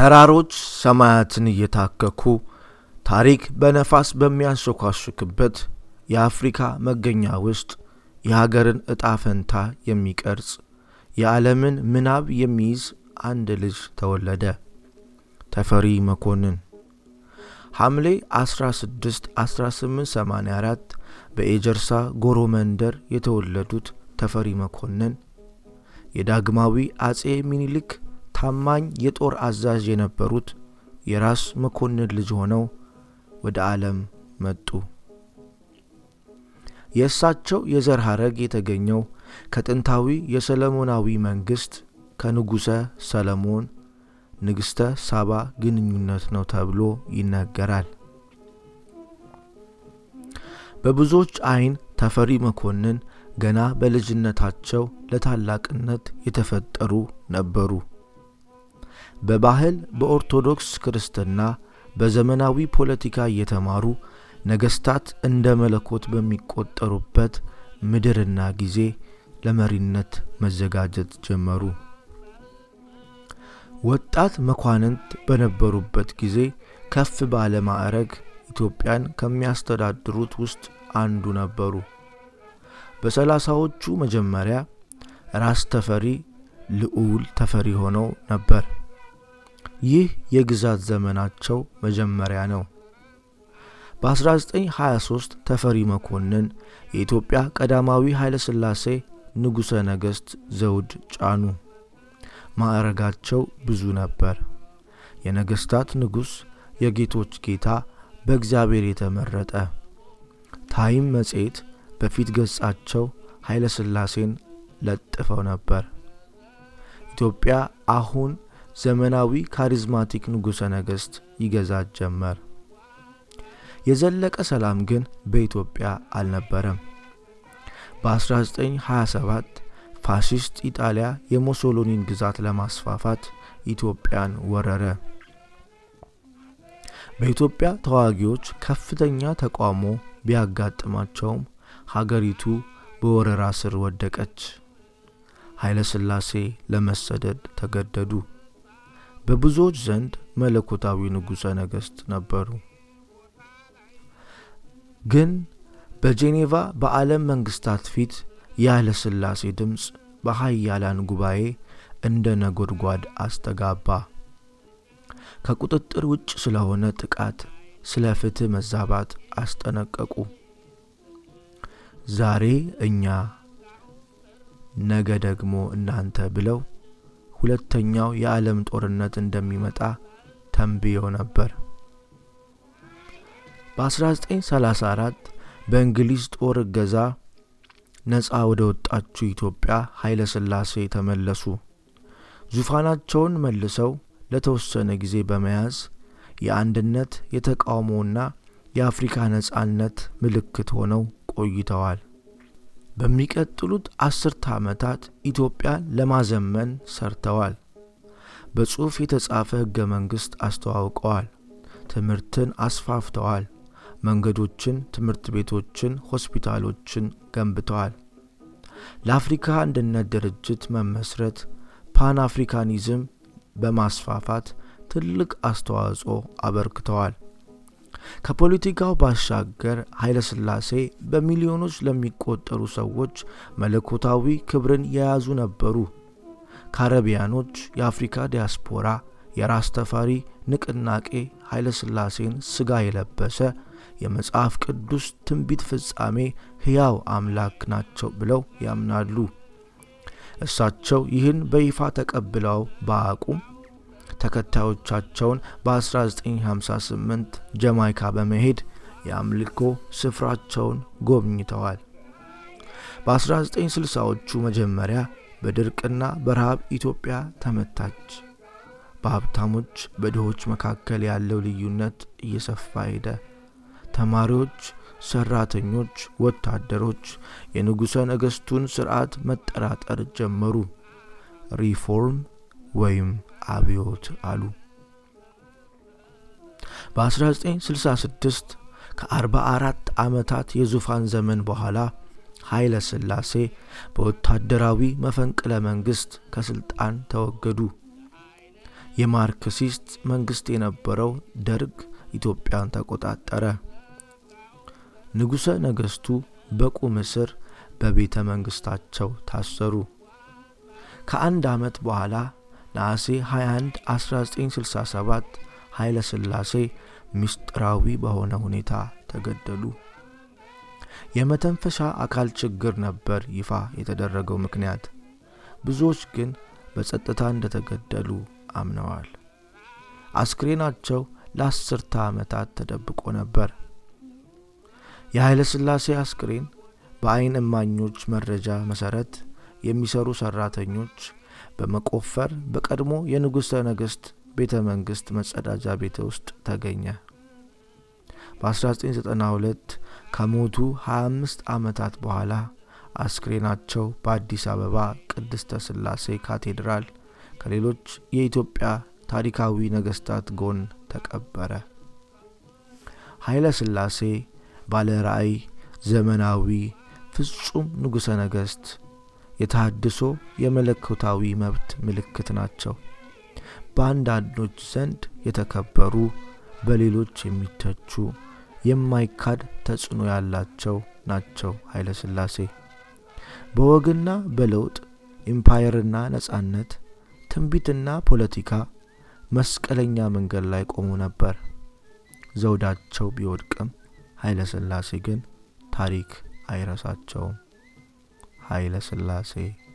ተራሮች ሰማያትን እየታከኩ ታሪክ በነፋስ በሚያንሸኳሽክበት የአፍሪካ መገኛ ውስጥ የሀገርን ዕጣ ፈንታ የሚቀርጽ የዓለምን ምናብ የሚይዝ አንድ ልጅ ተወለደ። ተፈሪ መኮንን ሐምሌ 16 1884 በኤጀርሳ ጎሮ መንደር የተወለዱት ተፈሪ መኮንን የዳግማዊ አጼ ሚኒሊክ ታማኝ የጦር አዛዥ የነበሩት የራስ መኮንን ልጅ ሆነው ወደ ዓለም መጡ። የእሳቸው የዘር ሐረግ የተገኘው ከጥንታዊ የሰለሞናዊ መንግሥት ከንጉሠ ሰለሞን ንግሥተ ሳባ ግንኙነት ነው ተብሎ ይነገራል። በብዙዎች ዐይን ተፈሪ መኮንን ገና በልጅነታቸው ለታላቅነት የተፈጠሩ ነበሩ። በባህል በኦርቶዶክስ ክርስትና በዘመናዊ ፖለቲካ እየተማሩ ነገሥታት እንደ መለኮት በሚቆጠሩበት ምድርና ጊዜ ለመሪነት መዘጋጀት ጀመሩ። ወጣት መኳንንት በነበሩበት ጊዜ ከፍ ባለ ማዕረግ ኢትዮጵያን ከሚያስተዳድሩት ውስጥ አንዱ ነበሩ። በሰላሳዎቹ መጀመሪያ ራስ ተፈሪ ልዑል ተፈሪ ሆነው ነበር። ይህ የግዛት ዘመናቸው መጀመሪያ ነው። በ1923 ተፈሪ መኮንን የኢትዮጵያ ቀዳማዊ ኃይለ ሥላሴ ንጉሠ ነገሥት ዘውድ ጫኑ። ማዕረጋቸው ብዙ ነበር። የነገሥታት ንጉሥ፣ የጌቶች ጌታ፣ በእግዚአብሔር የተመረጠ። ታይም መጽሔት በፊት ገጻቸው ኃይለ ሥላሴን ለጥፈው ነበር። ኢትዮጵያ አሁን ዘመናዊ ካሪዝማቲክ ንጉሠ ነገሥት ይገዛት ጀመር። የዘለቀ ሰላም ግን በኢትዮጵያ አልነበረም። በ1927 ፋሺስት ኢጣሊያ የሞሶሎኒን ግዛት ለማስፋፋት ኢትዮጵያን ወረረ። በኢትዮጵያ ተዋጊዎች ከፍተኛ ተቃውሞ ቢያጋጥማቸውም ሀገሪቱ በወረራ ስር ወደቀች። ኃይለሥላሴ ለመሰደድ ተገደዱ። በብዙዎች ዘንድ መለኮታዊ ንጉሠ ነገሥት ነበሩ። ግን በጄኔቫ በዓለም መንግሥታት ፊት ያለ ሥላሴ ድምፅ በኃያላን ጉባኤ እንደ ነጎድጓድ አስተጋባ። ከቁጥጥር ውጭ ስለሆነ ጥቃት፣ ስለ ፍትሕ መዛባት አስጠነቀቁ። ዛሬ እኛ ነገ ደግሞ እናንተ ብለው ሁለተኛው የዓለም ጦርነት እንደሚመጣ ተንብዮ ነበር። በ1934 በእንግሊዝ ጦር እገዛ ነፃ ወደ ወጣችው ኢትዮጵያ ኃይለ ሥላሴ ተመለሱ። ዙፋናቸውን መልሰው ለተወሰነ ጊዜ በመያዝ የአንድነት የተቃውሞና የአፍሪካ ነፃነት ምልክት ሆነው ቆይተዋል። በሚቀጥሉት አስርተ ዓመታት ኢትዮጵያን ለማዘመን ሰርተዋል። በጽሑፍ የተጻፈ ሕገ መንግሥት አስተዋውቀዋል። ትምህርትን አስፋፍተዋል። መንገዶችን፣ ትምህርት ቤቶችን፣ ሆስፒታሎችን ገንብተዋል። ለአፍሪካ አንድነት ድርጅት መመስረት ፓን አፍሪካኒዝም በማስፋፋት ትልቅ አስተዋጽኦ አበርክተዋል። ከፖለቲካው ባሻገር ኃይለሥላሴ በሚሊዮኖች ለሚቆጠሩ ሰዎች መለኮታዊ ክብርን የያዙ ነበሩ። ካረቢያኖች የአፍሪካ ዲያስፖራ የራስ ተፈሪ ንቅናቄ ኃይለሥላሴን ሥጋ የለበሰ የመጽሐፍ ቅዱስ ትንቢት ፍጻሜ ሕያው አምላክ ናቸው ብለው ያምናሉ። እሳቸው ይህን በይፋ ተቀብለው በአቁም ተከታዮቻቸውን በ1958 ጀማይካ በመሄድ የአምልኮ ስፍራቸውን ጎብኝተዋል። በ1960ዎቹ መጀመሪያ በድርቅና በረሃብ ኢትዮጵያ ተመታች። በሀብታሞች በድሆች መካከል ያለው ልዩነት እየሰፋ ሄደ። ተማሪዎች፣ ሰራተኞች፣ ወታደሮች የንጉሠ ነገሥቱን ሥርዓት መጠራጠር ጀመሩ። ሪፎርም ወይም አብዮት አሉ። በ1966 ከ44 ዓመታት የዙፋን ዘመን በኋላ ኃይለ ሥላሴ በወታደራዊ መፈንቅለ መንግሥት ከሥልጣን ተወገዱ። የማርክሲስት መንግሥት የነበረው ደርግ ኢትዮጵያን ተቆጣጠረ። ንጉሠ ነገሥቱ በቁም እስር በቤተ መንግሥታቸው ታሰሩ። ከአንድ ዓመት በኋላ ነሐሴ 21 1967 ኃይለ ሥላሴ ምስጢራዊ በሆነ ሁኔታ ተገደሉ። የመተንፈሻ አካል ችግር ነበር ይፋ የተደረገው ምክንያት። ብዙዎች ግን በጸጥታ እንደተገደሉ አምነዋል። አስክሬናቸው ለአስርተ ዓመታት ተደብቆ ነበር። የኃይለ ሥላሴ አስክሬን በአይን እማኞች መረጃ መሠረት የሚሰሩ ሰራተኞች በመቆፈር በቀድሞ የንጉሠ ነገሥት ቤተ መንግሥት መጸዳጃ ቤት ውስጥ ተገኘ። በ1992 ከሞቱ 25 ዓመታት በኋላ አስክሬናቸው በአዲስ አበባ ቅድስተ ሥላሴ ካቴድራል ከሌሎች የኢትዮጵያ ታሪካዊ ነገሥታት ጎን ተቀበረ። ኃይለ ሥላሴ ባለ ራዕይ፣ ዘመናዊ፣ ፍጹም ንጉሠ ነገሥት የተሃድሶ የመለኮታዊ መብት ምልክት ናቸው። በአንዳንዶች ዘንድ የተከበሩ፣ በሌሎች የሚተቹ፣ የማይካድ ተጽዕኖ ያላቸው ናቸው። ኃይለ ሥላሴ በወግና በለውጥ ኢምፓየርና ነጻነት፣ ትንቢትና ፖለቲካ መስቀለኛ መንገድ ላይ ቆሙ ነበር። ዘውዳቸው ቢወድቅም ኃይለ ሥላሴ ግን ታሪክ አይረሳቸውም። Haile lah, Selassie.